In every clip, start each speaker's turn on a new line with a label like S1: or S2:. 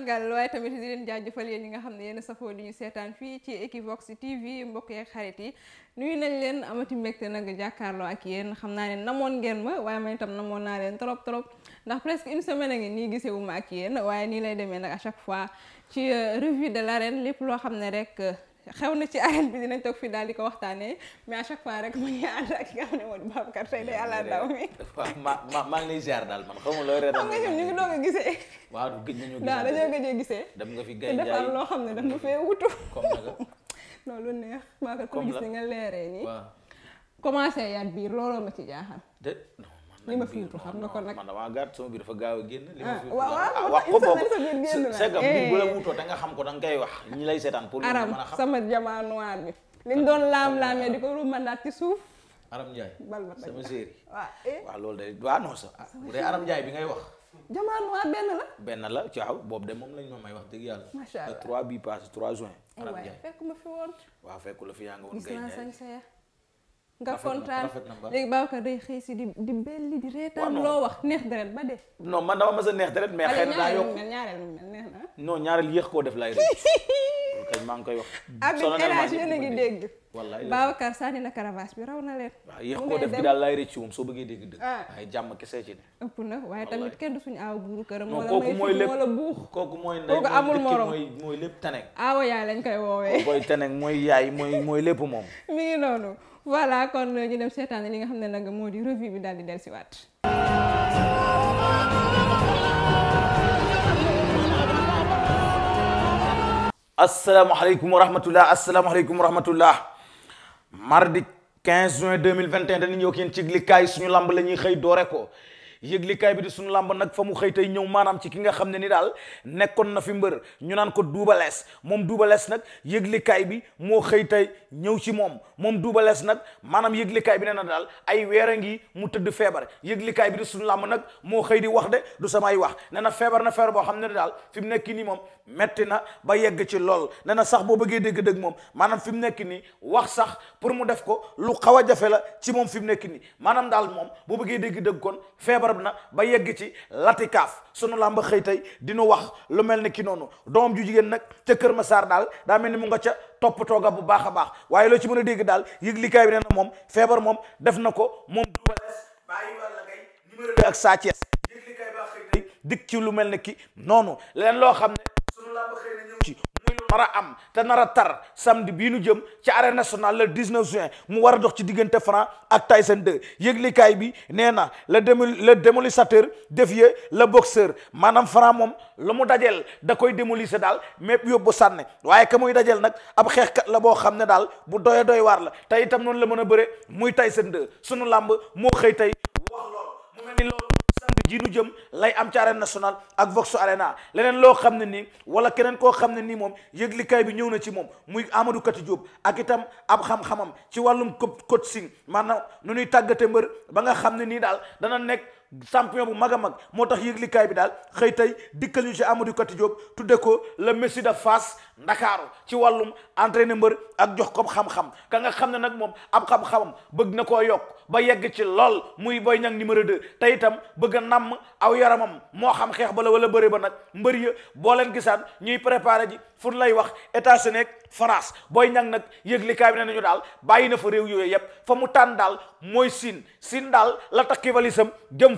S1: sargal waaye tamit di leen jaajëfal yéen ñi nga xam ne yéen safoo di ñu seetaan fii ci Equivox TV mbokk yeeg xarit yi nuyu nañ leen amati mbégte nag jàkkaarloo ak yéen xam naa ne namoon ngeen ma waaye man itam namoon naa leen trop trop ndax presque une semaine a ngi nii gisewuma ak yéen waaye nii lay demee nag à chaque fois ci euh, revue de la l'arène lépp loo xam ne rek xew na ci arène bi dinañ toog fii daal di ko waxtaanee mais à chaque fois rek mu ngi ànd ak ki nga xam
S2: maa ngi lay ziar daal man xaw ma looy reetal. xam nga ñun
S1: ñu ngi doog a gisee.
S2: waaw gëj nañu gisee waaw dañoo gëj gisee. dem nga fi gay jaay defar loo
S1: xam ne daf ma fee wutu. comme nag non lu neex. maa ko gis ni nga leeree nii. waaw commencé yaat biir looloo ma ci jaaxal.
S2: li ma filtre xam nga kon nag man damaa gàtt sama biir dafa gaaw a génn li ma filtre ah, ah, waaw wax ko boobu c'est eh. xam ko da kay koy wax ñu lay seetaan pour aram sama
S1: jamaa noir bi li mu doon laam-laamee di ko rumandaat ci suuf
S2: aram Ndiaye sama séeri waaw eh. waaw loolu day waaw non ah, bu dee aram bi ngay wax
S1: jamaa noir benn la
S2: benn la caaw boobu de moom lañ ma may wax dëgg yàlla macha allah trois bi passé trois juin aram Ndiaye
S1: fekk ma fi woon
S2: waaw fekku la fi yaa nga woon gay
S1: nga kontaan léegi Babacar day xëy si di di belli di reetaan loo wax neex deret ba de.
S2: non man dama mas a neex deret mais xëy na daa yokk
S1: ñaareel na
S2: non ñaareel yéex koo def lay rek a ngi dégg raw
S1: na leen waaw yéex koo def bi
S2: daal lay rëcc moom soo bëggee dégg dëgg ah. waaye jàmm kese ci ne
S1: ëpp na waaye tamit kenn du suñu aaw buuru këram wala kooku mooy lépp wala
S2: buux kooku mooy ndey kooku amul morom mooy
S1: lañ koy woowee
S2: booy tanek mooy yaay mooy mooy lépp moom
S1: mi noonu voilà kon ñu dem seetaan li nga xam ne nag moo di revue bi daal di dellusiwaat.
S2: asalaamaaleykum wa rahmatulah asalaamaaleykum wa rahmatulah mardi 15 juin 2021 dañu ñëw ak yéen ci likkaay suñu lamb la ñuy xëy doore ko. yëglikaay bi di sunu làmb nag fa mu xëy tey ñëw maanaam ci ki nga xam ne ni daal nekkoon na fi mbër ñu naan ko duubalees moom duubalees nag yëglikaay bi moo xëy tey ñëw ci moom moom duubalees nag maanaam yëglikaay bi nee na daal ay weer a ngi mu tëdd feebar yëglikaay bi di sunu làmb nag moo xëy di wax de du samay wax nee na feebar na feebar boo xam ne daal fi mu nekk nii moom metti na ba yegg ci lool nee sax boo bëggee dégg-dëgg moom maanaam fi mu nekk nii wax pour mu def ko lu xaw a jafe la ci moom fi mu nekk nii maanaam daal moom boo bëggee dégg-dëgg kon barab na ba yegg ci latikaaf sunu làmba xëy tey dinu wax lu mel ni ki noonu doom ju jigéen nag ca ma Massar daal daa mel ni mu nga ca topp tooga bu baax a baax waaye loo ci mën a dégg daal yëg likaay bi nee na moom feebar moom def na ko moom duubalees bàyyi wàlla kay numéro ak Sa Thiès yëg likaay baa dikk ci lu mel ni ki noonu leneen loo xam nar a am te nar a tar samedi bii nu jëm ci arène nationale le 19 juin mu war a dox ci diggante Franc ak Tyson 2 yëglikaay bi nee na le démo le démolissateur défier la boxeur maanaam Franc moom lu mu dajeel da koy démolissé daal mépp yóbbu sànne waaye ka muy dajeel nag ab xeexkat la boo xam ne daal bu doy doy waar la te itam noonu la mën a bëre muy Tyson 2 sunu làmb moo xëy tey ji nu jëm lay am ci arène nationale ak Vox Arena leneen loo xam ne nii wala keneen koo xam ne nii moom yëglikaay bi ñëw na ci moom muy Amadou Kati Diop ak itam ab xam-xamam ci wàllum coaching maanaam nu ñuy tàggate mbër ba nga xam ne nii daal dana nekk champion bu mag a mag moo tax yëglikaay bi daal xëy tey dikkal ñu ci Amadou Kati tudde ko le Messi de Fass Ndakaaru ci wàllum ne mbër ak jox ko xam-xam ka nga xam ne nag moom ab xam-xamam bëgg na koo yokk ba yegg ci lool muy booy Niang numéro de tey itam bëgg nàmm aw yaramam moo xam xeex ba la wala bëre ba nag mbër ya boo leen gisaan ñuy préparé ji fu lay wax États-Unis France Boy Niang nag yëg yëglikaay bi ne nañu daal bàyyi na fa réew yooyu yëpp fa mu tànn daal mooy Siin Siin daal la takki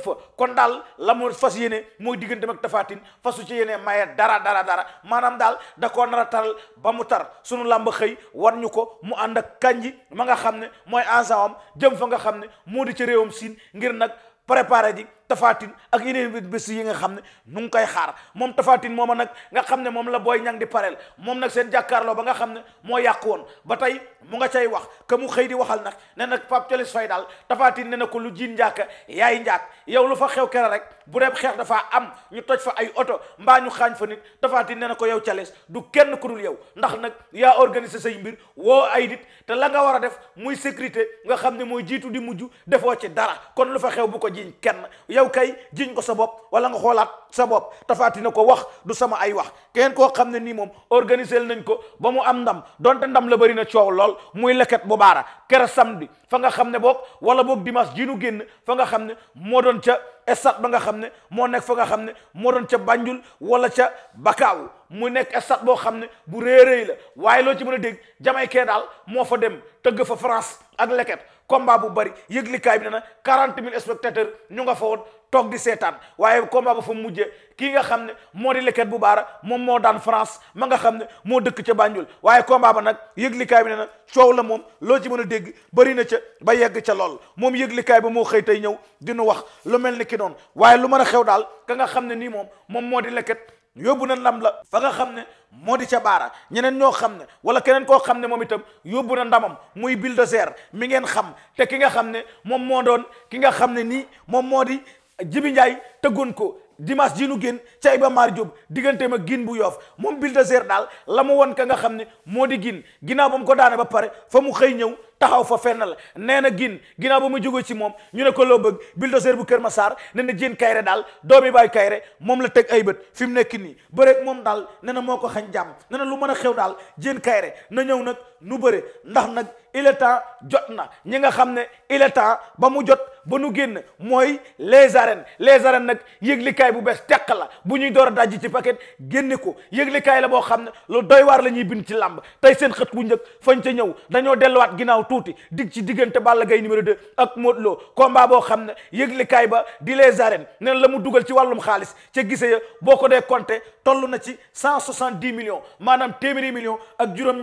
S2: fa kon daal la fas yéene mooy diggante ak tafaatin fasu ci yéene maye dara dara dara maanaam daal da koo nar a taral ba mu tar sunu làmb xëy war ñu ko mu ànd ak kanji ma nga xam ne mooy ansaam jëm fa nga xam ne moo di ci réewam siin ngir nag préparé ji tafaatin ak yeneen bés yi nga xam ne nu nga koy xaar moom Tafatine mooma nag nga xam ne moom la booy ñang di pareel moom nag seen jàkkaarloo ba nga xam ne moo yàq woon ba tey mu nga cay wax que mu xëy di waxal nag ne nag Pape Colis Faye daal Tafatine ne na ko lu jiin njaaka yaay njaak yow lu fa xew kere rek bu dee xeex dafaa am ñu toj fa ay oto mbaa ñu xaañ fa nit dafa di ne na ko yow calees du kenn ku dul yow ndax nag yaa organiser say mbir woo ay nit te la nga war a def muy sécurité nga xam ne mooy jiitu di mujj defoo ci dara kon lu fa xew bu ko jiiñ kenn yow kay jiiñ ko sa bopp wala nga xoolaat sa bopp tafaati na ko wax du sama ay wax kenn koo xam ne nii moom organiser nañ ko ba mu am ndam donte ndam la bari na coow lool muy leket bu baara kera samedi fa nga xam ne boog wala boog dimanche ji nu génn fa nga xam ne moo doon ca stade ba nga xam ne moo nekk fa nga xam ne moo doon ca Banjul wala ca Bakaaw mu nekk stade boo xam ne bu rëy rëy la waaye loo ci mën a dégg Jamaïcain daal moo fa dem tëgg fa France ak leket combat bu bari yëglikaay bi ne na quarante mille spectateurs ñu nga fa woon toog di seetaan waaye combat ba fa mujjee kii nga xam ne moo di Leket bu baara moom moo daan France ma nga xam ne moo dëkk ca Banjul waaye combat ba nag yëglikaay bi ne na coow la moom loo ci mën a dégg bëri na ca ba yegg ca lool moom yëglikaay ba moo xëy tey ñëw di wax lu mel ni ki noonu waaye lu mën a xew daal ka nga xam ne nii moom moom moo di Leket yóbbu na ndam la fa nga xam ne moo di ca baara ñeneen ñoo xam ne wala keneen koo xam ne moom itam yóbbu na ndamam muy bulldozer mi ngeen xam te ki nga xam ne moom moo doon ki nga xam ne nii moom moo di Jibi Njaay tëggoon ko dimanche ji génn ca Iba maar Diop diggante ma gin bu yoof moom bulldozer daal la mu won ka nga xam ne moo di gin ginnaaw bam ko daane ba pare foo mu xëy ñëw taxaw fa fenn la nee na gin ginnaaw ba mu jógee ci moom ñu ne ko loo bëgg bulldozer bu Kër Massar ne na Diène kayre daal doomi bay Kairé moom la teg ay bët fi mu nekk nii bëreeg moom daal ne na moo ko xañ jàmm ne lu mën a xew daal Diène Kairé na ñëw nag nu bëre ndax nag il est temps jot na ñi nga xam ne il est temps ba mu jot ba nu génn mooy les arènes les arènes nag yëglikaay bu bees teq la bu ñuy door a dajji ci paquet génne ko yëglikaay la boo xam ne lu doy waar la ñuy bind ci làmb tey seen xët bu njëkk fañ ca ñëw dañoo delluwaat ginnaaw tuuti dig ci diggante Balla Gaye numéro 2 ak Modou Lo combat boo xam ne yëglikaay ba di les arènes neen la mu dugal ci wàllum xaalis ca gise ya boo ko dee compter toll na ci cent soixante dix millions maanaam téeméeri millions ak juróom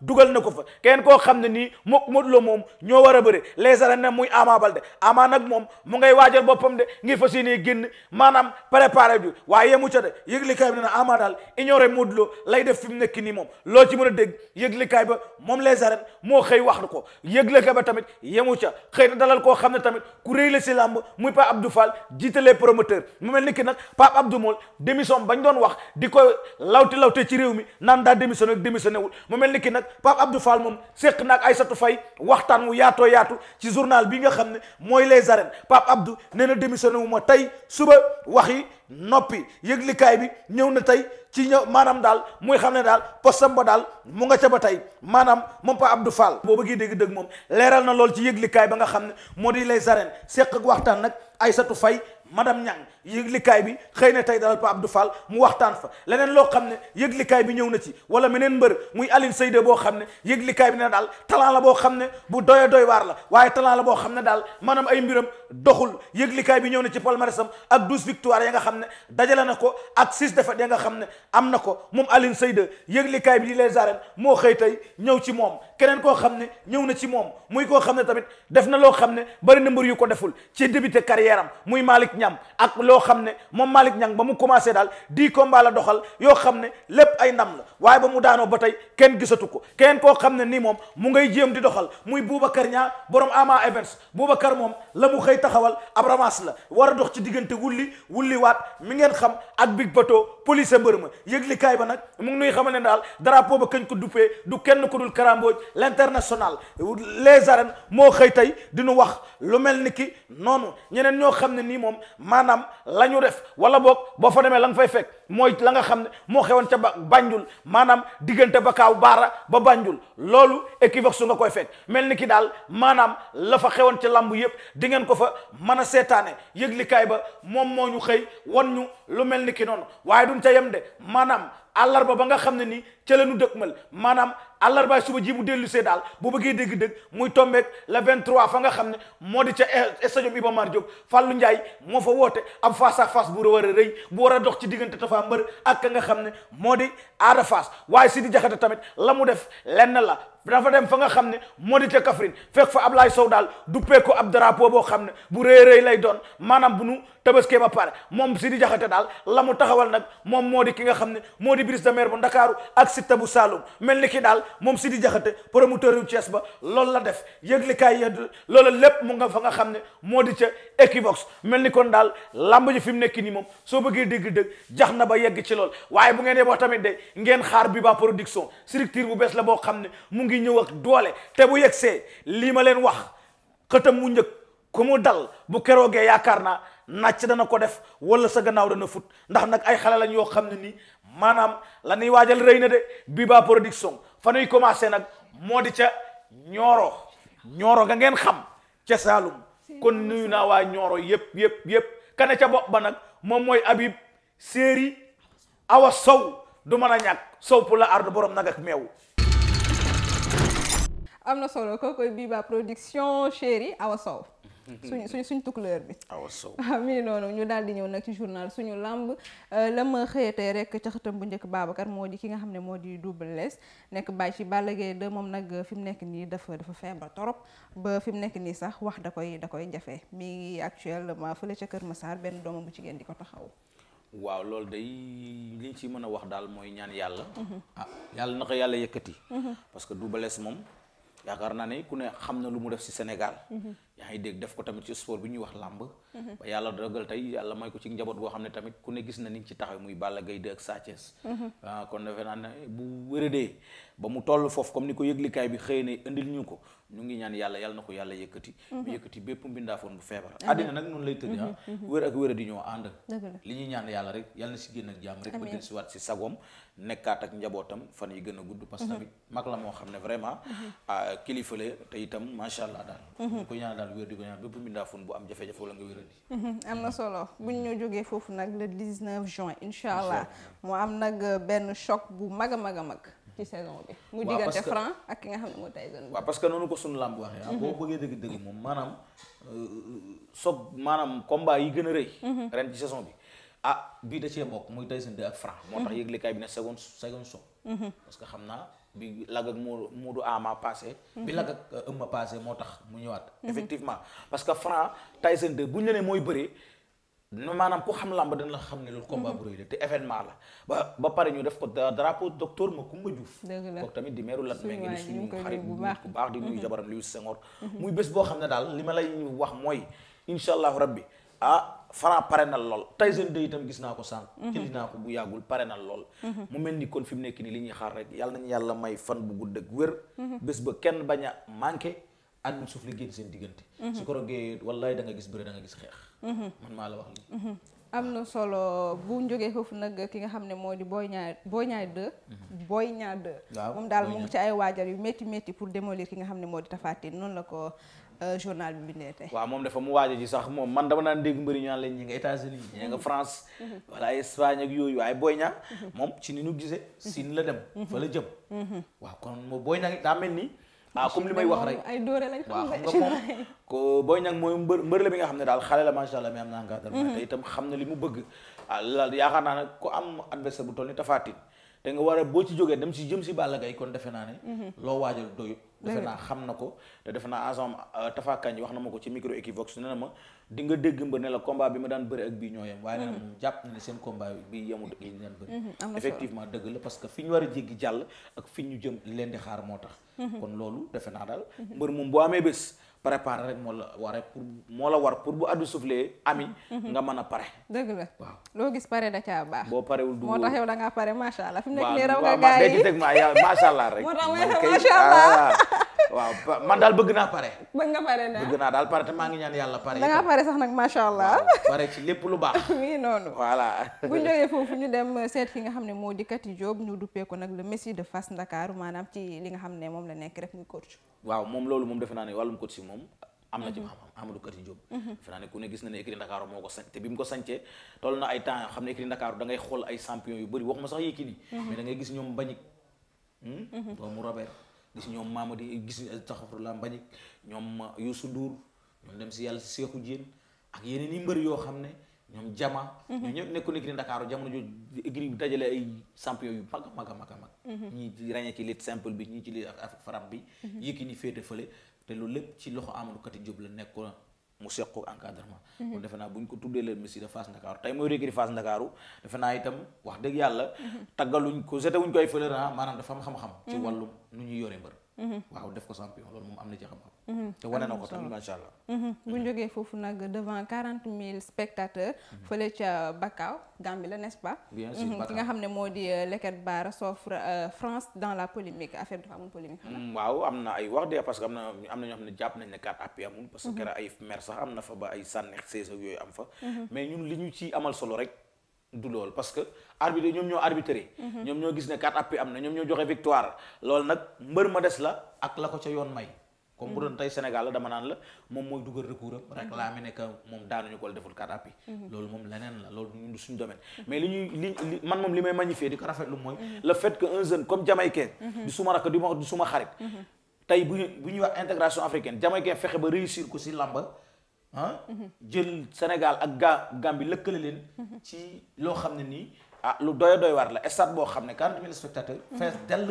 S2: dugal na ko nii mook Modou Lo moom ñoo war a bëri les arènes ne muy Ama Baldé Ama nag moom mu ngay waajal boppam de ngir fas yéenee génn maanaam préparé bi waaye yemu ca de yëglikaay bi ne Ama daal ignoré Modou Lo lay def fi mu nekk nii moom loo ci mën a dégg yëglikaay ba moom les arènes moo xëy wax ko yëglikaay ba tamit yemu ca xëy na dalal koo xam ne tamit ku réy la si làmb muy Pape Abdou Fall jiite les promoteurs mu mel ni ki nag Pape Abdou Mool démission bañ doon wax di ko lawte lawte ci réew mi naan daa démissionné ak démissionné wul mu Aïssatou fay waxtaan wu yaatoo yaatu ci journal bi nga xam ne mooy les arènes Pape Abdou nee na démissionné wu ma tey suba wax yi noppi yëglikaay bi ñëw na tey ci ñëw maanaam daal muy xam ne daal post ba daal mu nga ca ba tey maanaam moom Pape Abdou Fall boo bëggee dégg dëgg moom leeral na lool ci yëglikaay ba nga xam ne moo di les arènes seq ak waxtaan nag Aïssatou fay madame Niang yëglikaay bi xëy na tey daal Pa Abdou Fall mu waxtaan fa leneen loo xam ne yëglikaay bi ñëw na ci wala meneen mbër muy Aline Seyde boo xam ne yëglikaay bi ne daal talent la boo xam ne bu doye doy waar la waaye talent la boo xam ne daal maanaam ay mbiram doxul yëglikaay bi ñëw na ci palmarèsam ak douze victoire ya nga xam ne dajale na ko ak six défaites ya nga xam ne am na ko moom Aline Seyde yëglikaay bi di les arènes moo xëy tey ñëw ci moom keneen koo xam ne ñëw na ci moom muy koo xam ne tamit def na loo xam ne bari na mbër yu ko deful ci débuté carrière am muy Malick Niang ak loo xam ne moom Malick Niang ba mu commencé daal di combat la doxal yoo xam ne lépp ay ndam la waaye ba mu daanoo ba tey kenn gisatu ko keneen koo xam ne nii moom mu ngay jéem di doxal muy Boubacar Niang borom Ama Events Boubacar moom la mu xëy taxawal ab ramas la war a dox ci diggante wulli wulli waat mi ngeen xam ak big bato police mbër ma yëglikaay ba nag mu ngi nuy ne daal drapeau ba kañ ko duppee du kenn ko dul l'international les arènes moo xëy tey diñu wax lu mel ni ki noonu ñeneen ñoo xam ne nii moom maanaam la ñu def wala boog boo fa demee la nga fay fekk mooy la nga xam ne moo xewoon ca ba Banjul maanaam diggante ba kaaw baara ba Banjul loolu Equivox su koy fekk mel ni ki daal maanaam la fa xewoon ca lamb yëpp di ngeen ko fa mën a seetaane yëglikaay ba moom moo ñu xëy wan ñu lu mel ni ki noonu waaye duñ ca yem de maanaam àllarba ba nga xam ne nii ca la ñu maanaam àllarbaay suba ji bu dellu daal bu bëggee dégg-dégg muy tombeeg la 23 fa nga xam ne moo di ca stadium Iba Mar Diop Fallou Ndiaye moo fa woote ab face à face bu war a rëy bu war a dox ci diggante Tapha Mbeur ak ka nga xam ne moo di Ada Fass waaye Sidi Diakhaté tamit la mu def lenn la dafa dem fa nga xam ne moo di ca Kaffrine fekk fa Ablaye Sow daal duppee ko ab drapeau boo xam ne bu rëy rëy lay doon maanaam bu nu tabaskee ba pare moom si di Diakhaté daal la mu taxawal nag moom moo di ki nga xam ne moo di brise de mer bu Ndakaaru ak bu Saloum mel ni ki daal moom si Sidi Diakhaté promoteur yu Thiès ba loolu la def yëglikaay yedd loola lépp mu nga fa nga xam ne moo di ca Equivox mel ni kon daal lamb ji fi mu nekk nii moom soo bëggee dégg-dëgg jax na ba yegg ci lool waaye bu ngeen dee tamit de ngeen xaar bi ba production structure bu bees la boo xam ne mu ngi ñëw ak doole te bu yegsee lii ma leen wax xëtam mu njëkk ku mu dal bu keroogee yaakaar naa nàcc dana ko def wala sa gannaaw dana fut ndax nag ay xale lañ yoo xam ne nii maanaam la ñuy waajal rëy na de Biba Production fa nuy commencé nag moo di ca ñooro ñooro ga ngeen xam ca Saalum kon nuyu naa waa ñooro yëpp yëpp yëpp kane ca bopp ba nag moom mooy Habib Séeri Awa Sow du mën a ñàkk Sow pour la arde borom nag ak meew
S1: am na solo kooku Biba Production Chéri Awa soow suñ suñ suñ tukkuleer bi. awa sow ah, mi noonu ñu daal di ñëw nag ci journal suñu lamb euh, la ma xëyatee rek ca xëtam bu njëkk Babacar moo di ki nga xam ne moo di Double Less nekk bàyyi ci Balla Gaye 2 moom nag fi mu nekk nii dafa dafa feebar torop ba fi mu nekk nii sax wax da koy da koy jafe mi ngi actuellement fële ca Kër Massar benn doomam bu jigéen di ko taxaw.
S2: waaw loolu day li ñu ci mën a wax daal mooy ñaan yàlla. Mhm. ah yàlla na ko yàlla yëkkati. Mhm. parce que moom. yaakaar naa ne ku ne xam na lu mu def ci Sénégal. Mhm. yaa ngi dégg def ko tamit ci sport bi ñuy wax làmb. Mhm. ba yàlla dogal tey yàlla may ko ci njaboot goo xam ne tamit ku ne gis na ni ci taxaw muy Balla Gaye 2 ak Sa Thiès. Mhm. Ah, kon defe naa ne bu wéradee ba mu toll foofu comme ni ko yëglikaay bi xëy na indil ñu ko ñu ngi ñaan yàlla yàlla na ko yàlla yëkkati mhm. mu yëkkati bépp mbindaafoon bu feebar mhm. àddina nag noonu lay tëdd mhm. ah wér ak wér ñoo ànd li ñuy ñaan yàlla rek yàlla na si génn ak jàmm rek ba jël si waat si sagoom nekkaat ak njabootam fan yi gën a gudd parce que tamit mag la moo xam ne vraiment ah, kilifa la te itam macha allah daal ñu ko ñaan daal wér di ko ñaan bépp mbindaafoon bu am jafe-jafe wala
S1: nga na solo bu ñu ñoo jógee foofu nag le 19 juin incha allah mu am nag euh, benn choc bu mag a mag a mag ci saison bi. mu diggante Franc ak ki nga xam ne mooy Tyson.
S2: waaw parce que noonu ko suñu làmb waxee. ah boo mhm. bëggee dëgg dëgg moom maanaam euh, soog maanaam combat yi gën a rëy. Mhm. ren ci saison bi. ah bii da cee bokk muy Tyson 2 ak Franc. moo tax mhm. yëglekaay bi ne seconde seconde so. parce xam naa bi lag ak Modou Modou Ama passé. bi lag ak euh, Eumeu passé moo tax mu ñëwaat. effectivement parce Franc Tyson 2 bu ñu mooy bëree. maanaam ku xam làmb dana la xam ne loolu combat bu rëy la te événement la ba ba pare ñu def ko drapeau docteur Macoumba Diouf kooku tamit di meeru Lat Mingué muy bés boo xam ne daal li ma lay wax mooy insha allahu rabbi ah Franc pare na lool Tyson 2 itam gis naa ko sànq jëli mhm. naa ko bu yàggul pare na lool mhm. mu mel ni kon fi mu nekk nii li ñuy xaar rek yàlla nañu yàlla may fan bu gudd ak mhm. bés ba kenn bañ a àdduna suuf la génn seen diggante. su ko rogee wallaay da gis bëre da gis xeex. man maa la wax
S1: lii. am na solo bu ñu foofu nag ki nga xam ne moo di Boy Niang Boy Niang 2. Mhm. Boy Niang 2. waaw moom daal mu ci ay waajal yu métti métti pour démolir ki nga xam ne moo di Tapha Tine noonu la ko euh, journal bi bindee tey.
S2: waaw moom dafa mu waaja ji sax moom man dama naan dégg mbëri ñu naan leen ñi nga États-Unis ñi nga mhm. France. Mhm. wala Espagne ak yooyu ay Boy Niang. moom ci ni ñu si Siin la dem. fa la jëm. waaw kon moo Boy Niang daa mel ni. ah comme li may wax rek ay
S1: dóore xam nga moom
S2: ko booy nag mooy mbër mbër la bi nga xam ne daal xale la macha allah mais am na encadrement mhm. te itam xam na li mu bëgg ah yaakaar naa ne ku am adversaire bu toll ni Tapha te nga war a boo ci jógee dem si jëm si Balla Gaye kon defe naa ne mhm. loo waajal doyu
S1: defe naa xam
S2: na ko te defe naa agent euh, Tapha Kandji wax na ma ko ci micro Equivox nee na ma di nga dégg mbër ne la combat bi ma daan bëri ak bii ñoo yem waaye nee na moom jàpp na ne seen combat bi yemut ak li daan bëri mhm, effectivement dëgg la parce que fi ñu war a jéggi jàll ak fi ñu jëm leen di xaar moo tax mhm. kon loolu defe naa daal mbër moom boo amee bés préparer rek moo la war pour moo war pour bu addu soufflé ami nga mën a pare
S1: dëgg la waaw pare da caa baax
S2: boo parewul du moo tax yow
S1: pare macha allah fi mu nekk nii raw nga gaa yi dëgg dëgg ma yaa macha allah rek moo tax macha allah
S2: ah. waaw man daal bëgg naa pare.
S1: bëgg nga pare naa bëgg
S2: daal pare te maa ngi ñaan yàlla pare. da
S1: pare sax nag macha allah.
S2: pare ci lépp lu baax. oui noonu. voilà.
S1: foofu ñu dem seet ki nga xam ne moo di Kati Diop ñu duppee ko nag le Messi de Fass Ndakaaru maanaam ci li xam ne moom la nekk rek muy coach.
S2: waaw moom loolu moom defe ne wàllum coach moom. am na ci xam-xam mhm. Amadou Kati Diop mhm. defe naa ne ku ne gis na ne écurie Ndakaaru moo ko sañ te bi mu ko sañcee toll na ay temps xam ne écurie Ndakaaru da ay champion yu bëri waxuma sax Yékini mhm. mais gis ñoom Mamadi gis taxafurla Mbagnick ñoom Youssou Ndour ñoom dem si yàlla Seexu Jéen ak yeneen i mbër yoo xam ne ñoom jama mhm. ñoo ñëpp nekku nekk ni Dakar jamono jooju écurie bi dajale ay champion yu mag a mag a mag a mag mhm. ñii ci ràññee ci lit simple bi ñii ci lit ak bi mhm. yëkki ni féete fële te loolu lépp ci loxo Amadou Kati Diop la nekkoon mu seq ko encadrement. Mhm. kon defe naa bu ñu ko tuddee leen Messi de Fass Ndakaaru tey mooy réécurie Fass Ndakaaru defe naa itam wax dëgg yàlla. Mhm. taggaluñ ko jotewuñ ko ay fële ah maanaam dafa am xam-xam. ci mhm. wàllum nu ñuy yore mbër. waaw def ko champion loolu moom am na ci xam-xam. Mhm, te wane na ko tamit macha allah.
S1: Mhm, mhm. ki nga xam ne moo di euh, Leket Baara s'offre euh, France dans la polémique affaire dafa amul polémique. Mm,
S2: waaw am na ay wax de parce que am na am na ñoo xam ne jàpp nañ ne carte appui amul. parce que keroog ay mer sax am na fa ba ay sànneex saison yooyu am fa. mais ñun li ñu ci amal solo rek. du loolu parce que arbitre ñoom ñoo arbitré. Mhm. ñoom ñoo gis ne quatre appuis am na ñoom ñoo joxe victoire loolu nag mbër ma des la ak la ko ca yoon may. comme bu doon mhm. tey Sénégal la dama naan la moom mooy dugal recours rek laa mi nekk moom daanuñu ko deful quatre appuis. Mhm. loolu moom leneen la loolu du domaine. mais li ñuy li man moom li may magnifier di ko rafetlu mooy. le fait que un jeune comme Jamaïcain. di suma rakk di ma di suma xarit. tey bu ñuy bu ñuy ah jël Sénégal ak ga Gambie lëkkale leen mhm. ci loo xam ne nii ah lu doy doy war la stade boo xam ne quarante mille spectateurs mhm. fees dell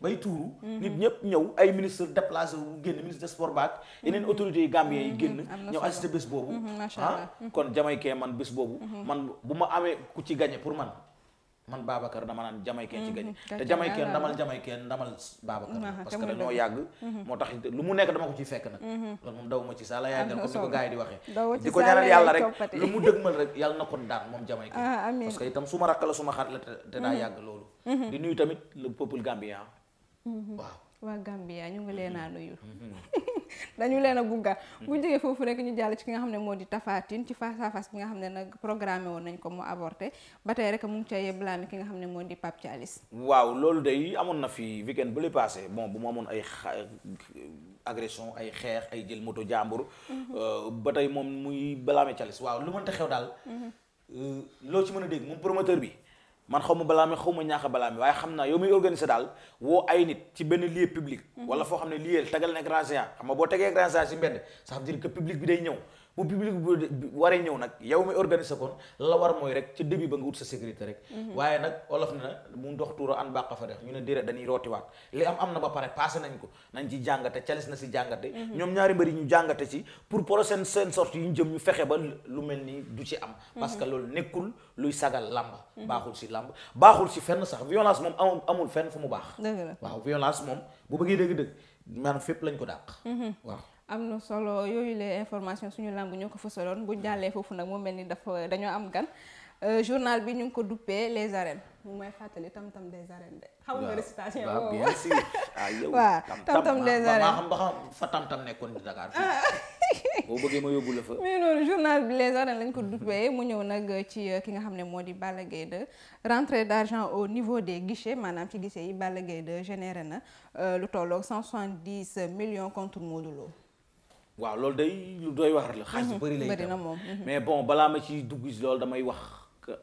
S2: bay tuuru nit ñëpp ñëw ay ministre déplacé wu génn ministre de sport baak yeneen autorités yi gambien yi génn ñëw assisté bés boobu ah kon Jamaïcain man bés boobu man bu ma amee ku ci gagné pour man man Babacar dama naan Jamaïcain ci mhm. gañe te Jamaïcain ndamal Jamaïcain ndamal Babacar parce que dañoo yàgg mhm. moo tax lu mu nekk dama ko ciy fekk nag mhm. loolu moom dawuma ci saala yaay dal comme ni ko gars yi di waxee di ko ñaanal yàlla rek lu mu dëgmal rek yàlla na ko daan moom Jamaïcain parce que itam su ma rakk la su ma la te daa yàgg loolu di nuyu tamit le peuple gambien
S1: waaw waa Gambia ñu ngi leen a mhm. nuyu.
S2: Mhm.
S1: dañu leen a gunga bu ñu foofu rek ñu jàll ci ki nga xam ne moo di tafaatin ci face à face nga xam ne nag programmé woon nañ ko mu avorté ba tey rek mu ngi ca yeblaami ki nga xam ne moo di
S2: waaw loolu day amoon na fi weekend bu li passé bon bu mu amoon ay agression ay xeex ay jël moto jàmbur mhm. euh, ba tey moom muy balaame Thialis waaw lu mënta xew daal euh, loo ci mën a dégg moom promoteur bi man xaw ma balaa mi xaw ma ñaax a balaa mi waaye xam naa yow muy organiser daal woo ay nit ci benn lieu public. Mhm. wala foo xam ne lieu tagal na ak razzia xam nga boo tegee ak razzia si mbedd ça dire que public bi day ñëw bu public bu waree ñëw nag yow mi organiser kon la war mooy rek ca début ba nga wut sa sécurité rek mhm. waaye nag olof na mu ndox tuura an bàqa fa def ñu ne dére dañuy rootiwaat li am am na ba pare passé nañ ko nañ ci jàngate calis na si jàngate mhm. ñoom ñaari mbër ñu jàngate si pour prochaine seen sortie yu ñu jëm ñu fexe ba lu mel ni du ci am mhm. parce que loolu nekkul luy sagal làmb baaxul si làmb baaxul si fenn sax violence moom amul amul fenn fu mu baax waaw violence moom bu bëggee dëgg-dëgg fépp lañ ko dàq waaw
S1: am na solo yooyu les information suñu làmb ñoo ko fësaloon bu jàllee foofu nag moo mel ni dafa dañoo am gan euh, journal bi ñu ngi ko duppee les arènes mu may fàttali tam tam des arènes xam nga récitation boobu
S2: ah, waaw des arènes xam ba xam nekkoon di Dakar. Ah. boo bëggee ma yóbbu la fa.
S1: mais journal bi les arènes lañ ko duppee mu ñëw nag ci euh, ki nga xam ne moo di Balla Gaye 2 rentrée d'argent au niveau des guichets maanaam ci guichet yi Balla Gaye 2 généré na euh, lu tolloog 170 millions contre Modou Lo.
S2: waaw loolu day lu doy waar la xaalis bu bëri lay bëri moom mhm. mais bon balaa ma ci dugg si loolu damay wax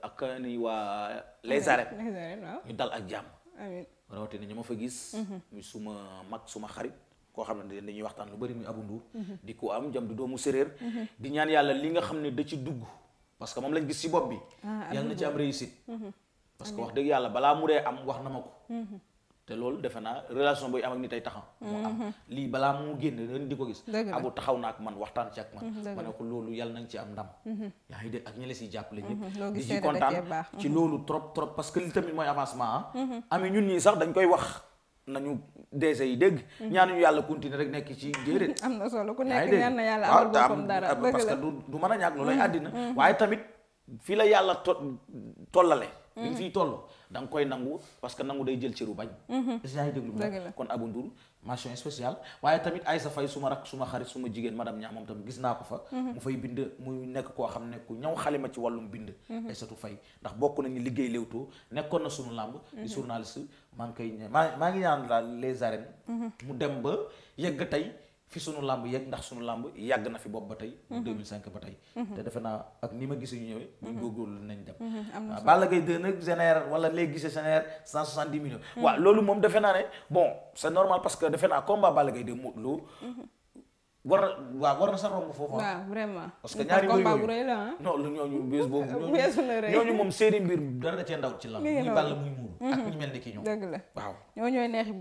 S2: ak ni waa les arènes ñu dal ak jàmm amiin ñu ma fa gis mhm. suma mag suma xarit koo xam ne dañuy waxtaan lu bëri muy Abou Ndour mhm. di ko am jam du doomu séréer di ñaan yàlla li nga xam ne da ci dugg parce que moom lañ gis si bopp bi ah, yàlla na ci am réussite parce que wax dëgg yàlla balaa mu dee am wax na ma ko te loolu defe naa relation booy am ak nit ay taxaw. moo am mhm. lii balaa mu génn ren di ko gis. abu taxaw naa ak man waxtaan ci ak man. Mhm, ma ne loolu yàlla nañ ci am ndam. Mhm. yaa ngi dégg ak ñi la siy jàppale ñëpp. di ci kontaan ci loolu trop que li tamit mooy ah. sax dañ koy wax. nañu dese yi dégg ñaanuñu yàlla continuer rek nekk ci déedéet am
S1: na solo ku nekk ñaan na yàlla amal boppam dara parce que du
S2: du mën a ñàkk loolay àddina waaye tamit fii la yàlla to tollale bi nga fiy toll nga koy nangu parce que nangu day jël cëru bañ mhm. si yaay déglu ma kon Abou Ndour mention spéciale waaye tamit Aïssa Faye suma rak suma xarit suma jigéen madame ñaa moom tam gis naa ko fa mhm. mu fay bind muy nekk koo xam ne ku ñaw xalima ci wàllum bind mhm. Aïssatou Faye ndax bokk nañu liggéey Leewtoo nekkoon na sunu làmb di journaliste maa ngi koy maa maa ngi ñaan daal les arènes mu dem ba yegg tey fi sunu làmb yegg ndax sunu làmb yàgg na fi bopp ba tey. 2005 mhm. ba tey. Mhm. te defe naa ak ni ma gisee ñu ñëwee. buñ mhm. góorgóorlu nañ dem. am na solo Balla Gaye 2 nag génère wala léegi gisee génère 170 millions. loolu moom defe naa ne bon c'est normal parce que defe naa combat Balla Gaye 2 Modou Lô war na waaw war na sa romb foofu ah. waaw
S1: vraiment. parce que ñaari mbir yooyu
S2: ah. non lu ñooñu bés boobu. weesu na rëy ñooñu moom seeni mbir dara da cee ndaw ci lam ñu bàll muy mhm. la waaw
S1: ñoo ñooy mhm.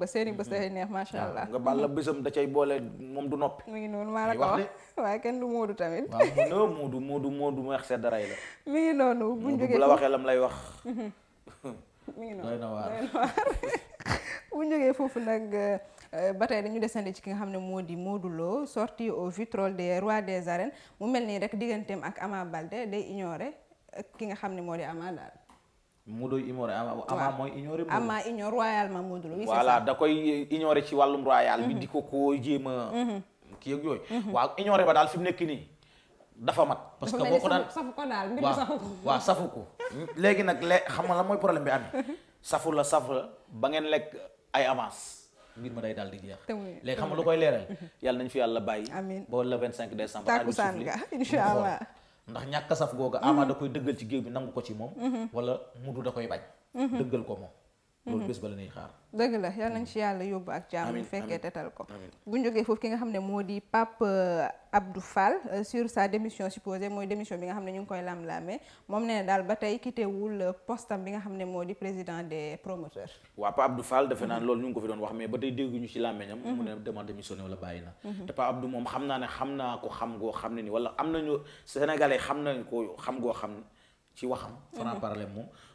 S2: da cay boole moom du noppi. mu ngi noonu maa la ko wax
S1: waaye kenn du Moodu du waaw
S2: Moodu Moodu sedd daray la.
S1: mi ngi noonu bu ñu la waxee lam lay wax. Mhm. mi ngi noonu jógee foofu nag euh, Euh, ba tey dañu desandi ci ki nga xam ne moo di Modou Lo sorti au vitrole des rois des arènes mu mel nii rek digganteem ak Ama Baldé day ignoré euh, ki nga xam ne moo di Ama daal.
S2: Modou ignoré Ama Ama mooy ignoré. Ama
S1: ignoré royalement Modou
S2: Lo. ci wàllum royal bi mhm. di ko koo jéem a. Mhm. kii ak mhm. ba daal fi mu nekk nii. dafa mat parce que boo ko daan
S1: safu ko daal mbir mi
S2: safu ko léegi nag le xam nga problème bi amee safu ba ngeen lekk ay avance mbir ma day daal di jeex
S1: léegi xam nga lu koy leeral
S2: yàlla nañ fi yàlla bàyyi amiin ba le 25 décembre tàkkusaan nga incha allah ndax ñàkk saf googa Ama mm-hmm. da koy dëggal ci géew bi nangu ko ci moom mm-hmm. wala mudu da koy bañ
S1: mm-hmm. dëggal ko moom loolu mhm. bés ba la ñuy xaar. dëgg la yal nañ mhm. ci yàlla yóbbu ak jàmm bu fekkee tetal ko bu ñu jógee foofu ki nga xam ne moo di Pape euh, Abdou Fall euh, sur sa démission supposée mooy démission bi nga xam ne ñu ngi koy lam-laamee moom nee na daal ba tey quitté wul euh, postam bi nga xam ne moo di président des promoteurs
S2: waaw Pape Abdou Fall defe naa mhm. loolu ñu ngi ko fi doon wax mais ba tey dégguñu ci làmmeñam mu ne demande démissionné wala bàyyi na te Pape Abdou moom xam naa ne xam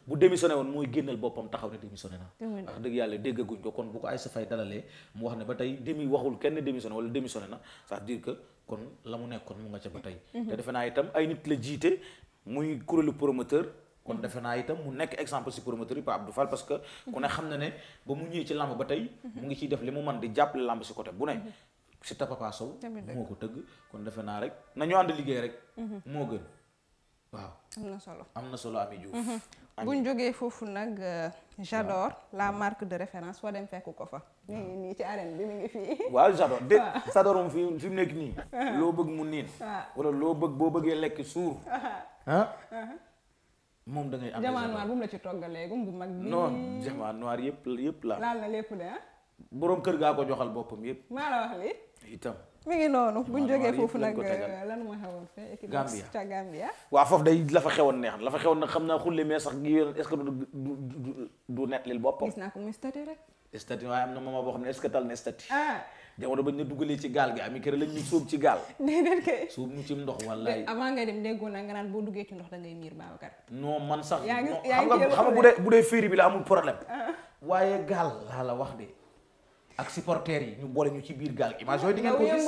S2: bu démissionné woon mooy génnal boppam taxaw ne démissionné na wax dëgg yàlla déggaguñ ko kon bu ko Aïssa Faye dalalee mu wax ne ba tey demi waxul kenn démissionné wala démissionné na cest dire que kon la mu nekkoon mu nga ca ba tey mhm. te defe ay nit la jiite muy kuréelu promoteur kon defe naa itam mu nekk exemple si promoteur yi Pa Abdou parce que xam na ne ba mu ñëwee ci làmb ba tey mu ngi ciy def li mu man di jàppale làmb si coté bu ne mhm. si ta Papa Sow moo ko tëgg kon defe naa rek nañu ànd liggéey rek mhm. moo gën waaw am na solo am na solo Ami Diouf mhm.
S1: bu ñu jógee foofu nag euh, j'adore la marque de référence foo dem fekk ko fa mi ngi nii ci arène bi mi ngi fii waaw j'adore
S2: de j'adore moom fi nii loo bëgg mu niin wala loo bëgg boo bëggee lekk suur ah? uh-huh. moom da ngay am jamaa noir
S1: bu mu la ci toggaléegum bu mag bi non
S2: jamaa noir yëpp yëpp la laal
S1: na lépp de ah
S2: boroom kër gaa ko joxal boppam yëpp maa la wax li itam
S1: mi ngi noonu bu ñu jógee foofu nag euh, lan moo xewoon fee Gambia
S2: waaw foofu day la fa xewoon neex la fa xewoon nag xam naa xulle mais sax gi est am na moment boo xam ne est ce que tal na statut ah. ci gaal gi ami kër lañ ñu sóob ci gaal
S1: déedéet kay
S2: sóob ñu ci ndox wallaay
S1: avant nga dem déggoon naa nga naan boo duggee ci ndox da ngay miir Babacar
S2: non man sax xam nga bu dee bu dee féeri bi la amul problème ah. waaye gaal laa la wax de ak supporters yi ñu boole ñu ci biir gaal image yooyu di ngeen ko gis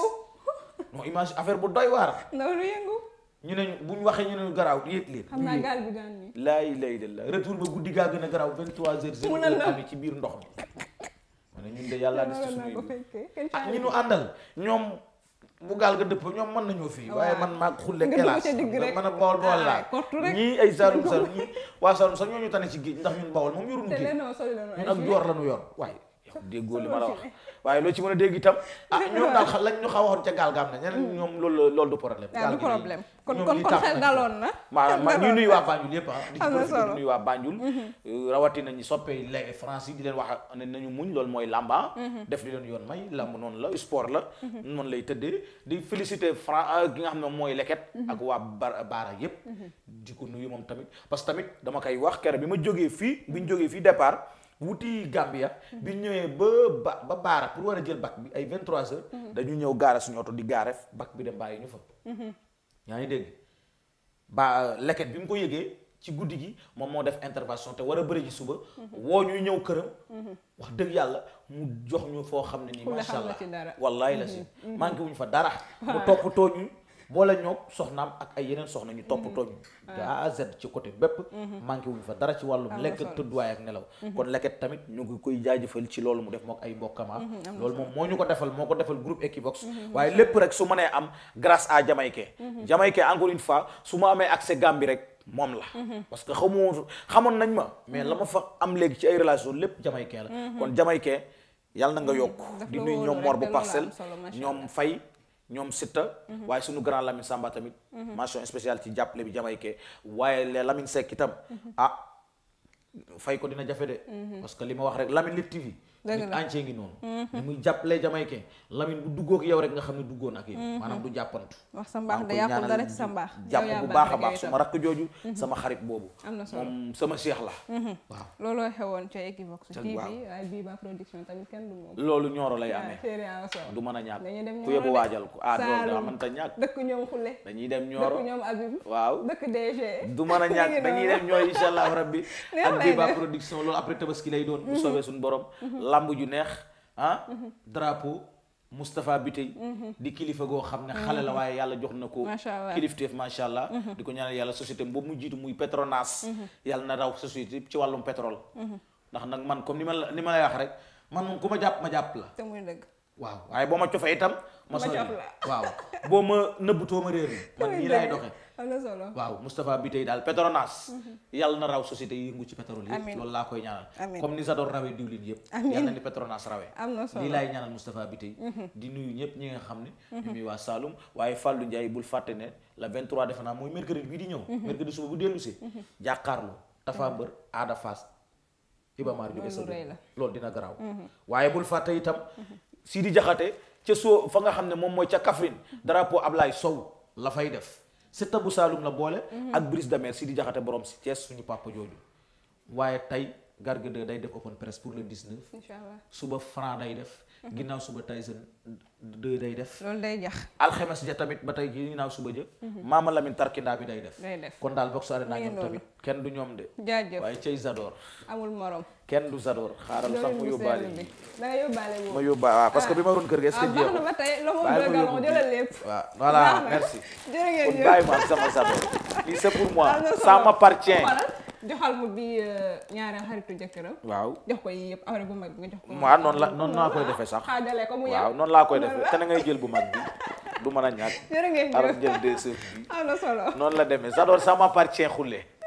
S2: non image affaire bu doy waar.
S1: ndaw lu yëngu.
S2: ñu ne bu ñu waxee ñu ne garaaw yéeg leen. xam naa gaal bi de la retour ba guddi gaa gën a garaaw 23h00. mun na ci biir ndox mi. ma ne ñun de yàlla des ci suñu ak ah, ñi ñu àndal ñoom bu gaal ga dëpp ñoom mën nañoo fii waaye man maa xulle kelaas man a bawol bawol laa ah, ñii ay saalum saalum ñii waa saalum sax ñooñu tane ci géej ndax ñun bawol moom yoruñu géej
S1: ñun ak joor la
S2: ñu yor waaye yow déggoo li ma la wax waaye loo ci mën a dégg itam ah ñoom daal xam lañ ñu xaw a waxoon ca gaal ga am na ñeneen ñoom loolu loolu du problème ah, gaal du problème
S1: kon kon kon xel daloon na
S2: maanaam ah. ñuy nuyu waa Banjul yëpp mm-hmm. euh, ah di ci nuyu la sport la mm-hmm. noonu lay tëddee di féliciter France euh, gi nga xam ne mooy leket mm-hmm. ak waa ba baara yëpp di ko nuyu moom tamit parce tamit dama koy wax kere bi ma jógee fii bi ñu jógee fii départ wuti ya bi ñëwee ba ba ba baara pour war a jël bac bi ay 23 heures. Mhm. dañuy ñëw gaara suñu oto di gaareef bac bi dem bàyyi ñu fa. Mhm. yaa ngi dégg ba euh, leket bi mu ko yëgee ci guddi gi moom moo def intervention te war a bëri ji suba. Mhm. woo ñuy ñëw këram. wax dëgg yàlla mu jox ñu foo xam ne nii. macha allah wallahi la si manqué fa dara. mu toppatoo ñu. boole ñoo soxnaam ak ay yeneen soxna ñu toppatoo mhm. ñu de A à ci côté bépp mhm. manqué wuñ fa dara ci wàllum lekk ak tëdduwaay ak nelaw mhm. kon Leket tamit ñu ngi koy jaajëfal ci loolu mu def mook ay mbokkama ah. loolu moom moo ñu ko defal moo ko defal groupe Equivox waaye lépp rek su mënee am grâce à Jamaïque Jamaïque encore une fois su ma amee accès Gambie rek moom la parce que xamoo xamoon nañ ma mais la ma fa am léegi ci ay relation lépp Jamaïque la kon Jamaïque yàlla na nga yokk di nuyu ñoom Mor bu parcelle ñoom Fay ñoom Sitta. Mhm. waaye suñu grand Lamine Samba tamit. Mhm. mention spéciale ci jàppale bi ke waaye les Lamine Seck tam mhm. ah fay ko dina jafe de. parce que li ma wax rek Lamine Lutte TV. la nit àncee ngi noonu. Mhm. muy jàppale yow rek nga xam ne duggoo na ak yow. Mhm. maanaam du jàppantu.
S1: wax sa da yàqul dara ci bu baax a sama rakk
S2: jooju. Mhm. sama xarit boobu. am na solo sama seex la. waaw
S1: looloo xewoon ca Equivox TV waaye bii ba production tamit kenn du moom.
S2: loolu ñooro lay amee. du mën a ñàkk ku yóbbu waajal ko ah loolu daa mënta ñàkk. dëkk ñoom xule. dañuy dem ñooro dëkk ñoom waaw
S1: dëkk DG. du mën a ñàkk dañuy dem ñooro incha allah
S2: rabbi ak bii ba production loolu après tabaski lay doon bu soobee suñu borom làmb ju neex ah mhm. drapeau Moustapha Bitey mhm. di kilifa goo xam ne xale la mhm. waaye yàlla jox na ko kilifteef macha allah di ko ñaanal yàlla société boobu mu jiitu muy Petronas yàlla na raw société ci wàllum pétrole ndax nag man comme ni ma la ni ma lay wax rek man moom ku ma jàpp ma jàpp la te muy dëgg waaw waaye boo ma cofee itam ma sori waaw boo ma nëbbutoo ma réer man nii lay doxe am na waaw Moustapha bi tey daal Petronas. Mhm. yàlla na raw société yëngu ci pétrole yëpp. loolu laa koy ñaanal. comme ni sa rawee diwlin yëpp. yàlla na ni Petronas rawee.
S1: am na solo lii laay ñaanal
S2: Moustapha bi mhm. di nuyu ñëpp ñi nga xam ne. ñu mhm. muy waa Saloum waaye Fallou Ndiaye bul fàtte ne la 23 defe naa mooy mercredi bii di ñëw. mercredi suba bu dellu see. jàkkaarloo Mbër Ada Fass Ibamar jóge sa loolu dina garaaw. waaye bul fàtte itam di Jaxate ca soo fa xam ne mooy ca Kaffrine drapeau Ablaye Sow la fay def Siteu bu Saalum la boole. Mhm. ak Brise de Mer si di jaxate borom si Thiès suñu papa jooju. waaye tey Garga 2 day def open press pour le 19. incha allah suba Franc day def. Mhm. ginnaaw suba Tyson de day def. loolu day jax alxemes ja tamit ba tey ginnaaw suba jë. maama mhm. Lamine Tarkinda bi day def. day def kon daal Vox Arena ñoom tamit kenn du ñoom de. jaajëf waaye cey Zador. amul morom. kenn du Zador xaaral sax mu yóbbaale
S1: da ma yóbbaale
S2: waaw parce que bi ma doon kër gi est-ce que ah, jéem ba
S1: tey loo ma bëgg merci jërë ngeen jëf
S2: bàyyi moi ah, ça m'appartient
S1: joxal mu bi euh, ñaareel xaritu jëkkëram waaw jox ko yii yëpp après bu mag
S2: la noonu laa koy defee sax
S1: waaw
S2: noonu laa koy defee te na ngay jël bu mag bi du man a ñàkk
S1: jërë jël deux sœurs bi
S2: la demee Zador ça m'appartient xulle